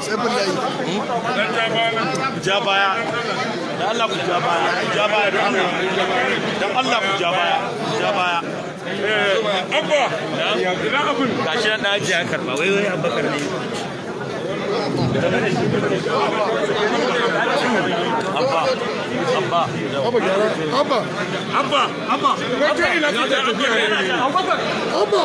sai bin layi ja baya abba abba abba abba abba abba abba abba abba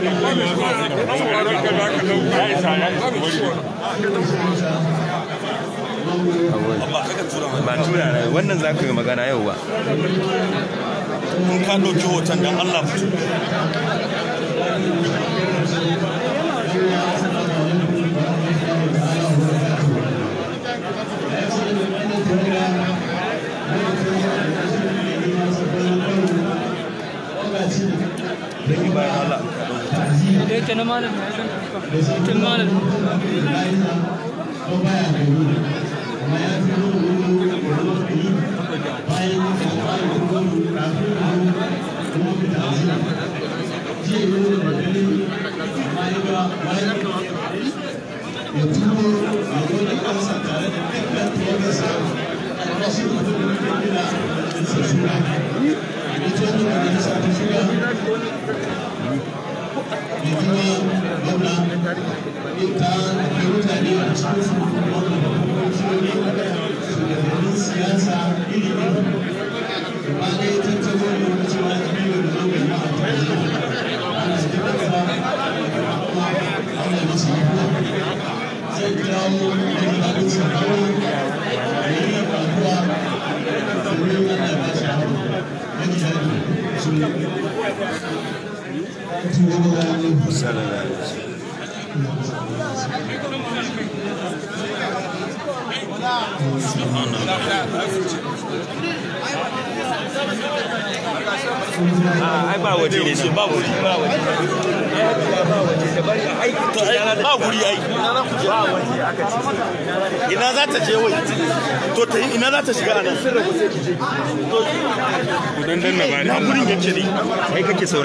ba wannan za ka yi magana yau ba in ka ɗauki hoton don allah mutu bayan Allah in karɓi hutu. Da yake na malam ya san hutun malam. Thank you. da kuma gwamna ta da mutane a cikin su shugabannin siyasa ilimi ba ne tattabo da wani cewa jami'a da zo gani a tarihi ana jikinsa kuma ana masa abuwa zai dawo da gidanin sarkawa da yi abuwa domin ana ba shi abu na gidanin agbáwo ah, ti lè ṣe báwo ni báwo ni. ba guri ai ina za ta je wai to ta ina za ta shiga anan ku dan dan na ba na gurin yake ne kai kake su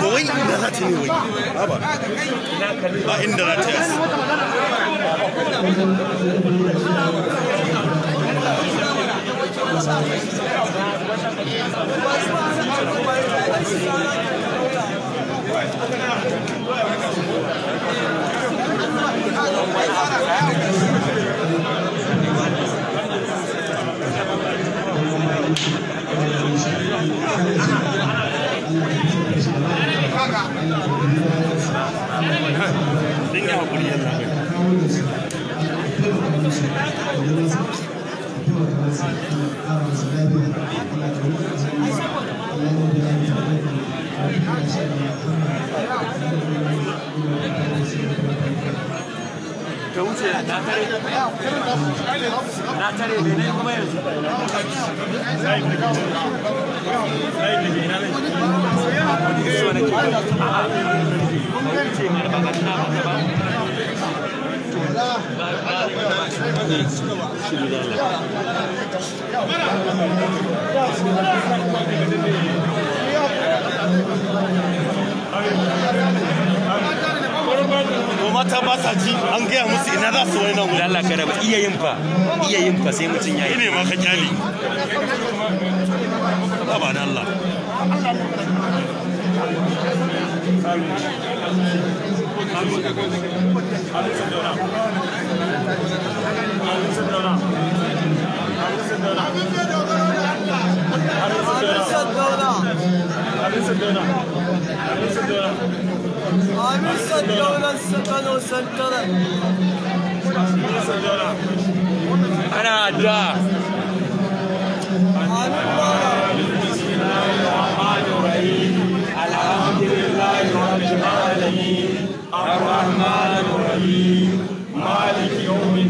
to wai ina za ta wai ba ba inda za ta yi Thank you. ka wuce na tare mata ba sa ji an gaya musu ina za su wani nan wani Allah kada ba iya yin fa iya yin fa sai mutum ya yi ne ma ka kyali. ba ba da Allah Allah. Allah. Allah. Allah. Allah. Allah. Allah. Allah. Allah. Hamilton دولة أنا أداء الرحمن الرحيم مالك يوم الدين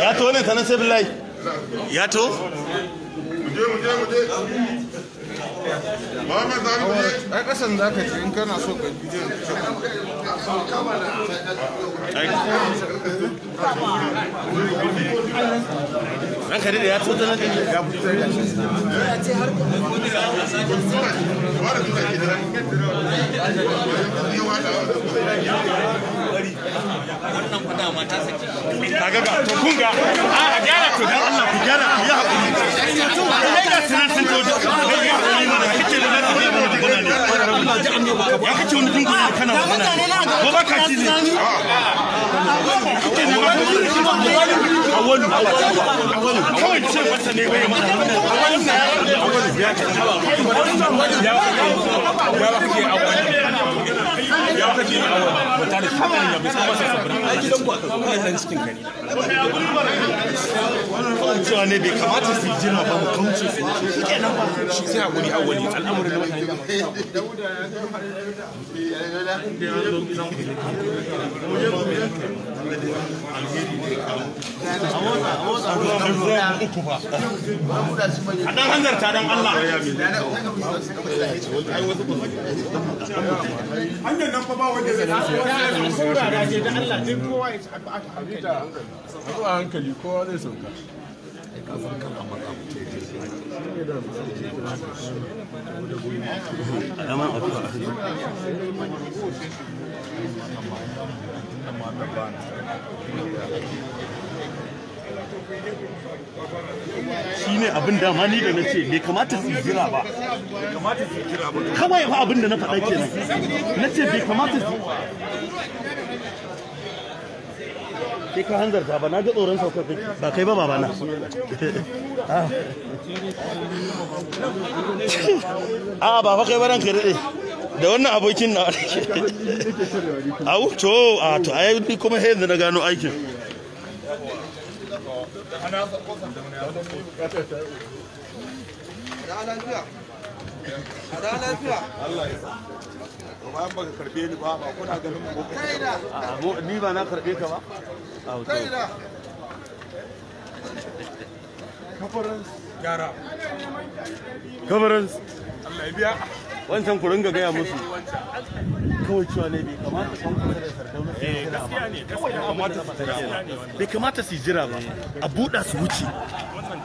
ya to ne sanan sai billahi ya to muje muje muje muje ai kasan ka ji in kana so ka je kare da ya ya ya ce har wannan fa dama ta saki kaga ga to kun ga a a gyara to dan Allah ku gyara ku yi hakuri ai ga sunan sun to kai ya hakuri mana kike da nan ne mun gona ne Allah ka kace wani dinga ne kana magana ko ba ka ci ne kike ne ma a wani a wani kawai ce wata ne bai mana a wani ya ce a wani ya ce ya ba ya ba kike a wani ya ka ji awa ta ya bi sama sai sabon ai gidan ku aka kai dan cikin kare wannan bai kamata su jira ba mu kauce su shi sai hakuri a wani al'amuran da mutane a dan hanzarta Allah hanyar nan fa ba wanda zai da Allah duk kowa ya a hankali kowa zai sauka shi ne abin dama ni da na ce bai kamata su jira ba kawai abin da na faɗa kenan na ce bai kamata su ke ka hanzarta ba na ga tsoron saukar kai ba kai ba na a ah. ah, ba fa kai ba ranka daɗe da wannan abokin na a wuto a to a yi kuma yanzu na gano aikin Ana a da lafiya Allah ya sa karbe ni ba ba kuna ganin mu kai da ni ba na karbe ka ba kai da gara Allah ya biya wancan ku ringa gaya musu kawai cewa ne bai kamata san kusa da sardauna su jira ba eh, bai kamata su jira ba a buɗa su wuce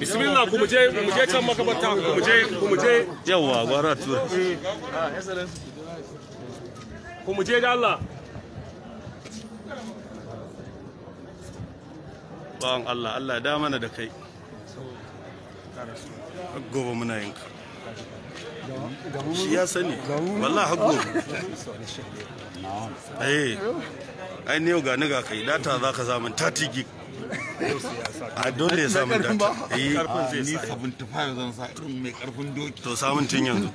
bismillah ku muje mu je can makabarta ku muje ku muje yawa gwara tura ku muje da Allah bawan Allah Allah da mana da kai gobe muna yin ka shi ya sani eh, ai ne ga ni ga kai data zaka zamun 30 gig a dole ya samu data eh ni 75 zan sa irin mai karfin doki to samun tun yanzu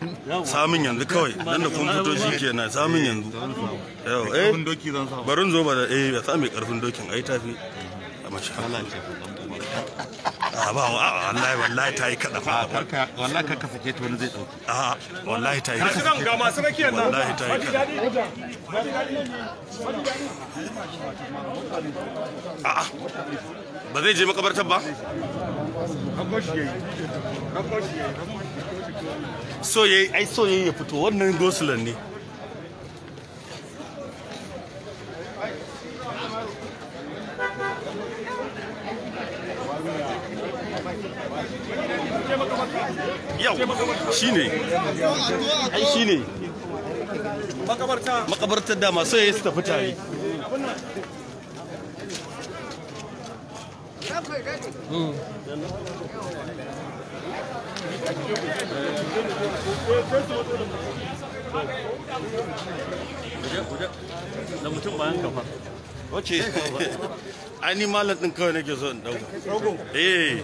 samun yanzu kawai nan da kun fito shikenan samun yanzu yau eh barin zo ba da eh ya sa mai karfin dokin ai tafi a mashi a ba wallahi wallahi ta yi wallahi ka sake ta wani zai a wallahi ta yi ga ta yi ba zai je ba so yayi ai so yayi ya fito wannan gosulan ne shine ai shine makabarta makabartar masu yayi su tafi tare da mutum bayan kafa kawai nake so in eh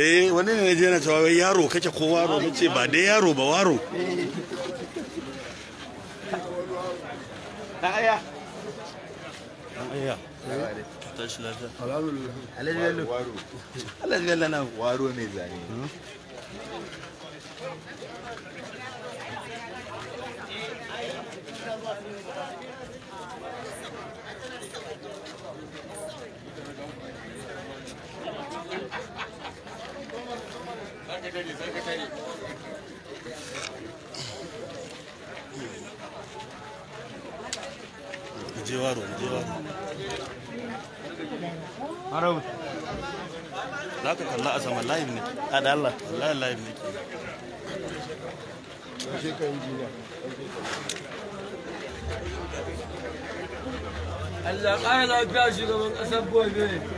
eh wani ne je na cewa yaro kake ko waro nace ba dai yaro ba waro aya aya eh? lafiya zane Thank hmm? جواره جواره هرب لا تطلع اسم الله يبني هذا الله الله الله يبني الله قال لك يا شيخ من اسبوع فيه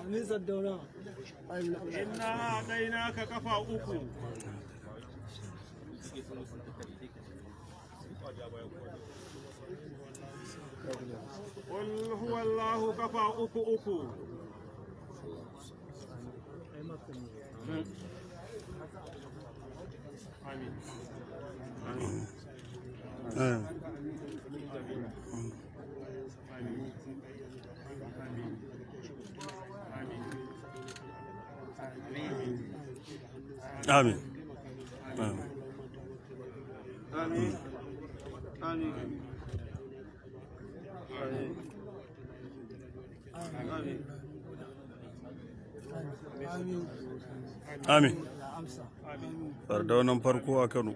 Amin Inna haɗaina ka kafa uku. Qul kafa uku uku. Amin. Amin. amin amin amin farko a kano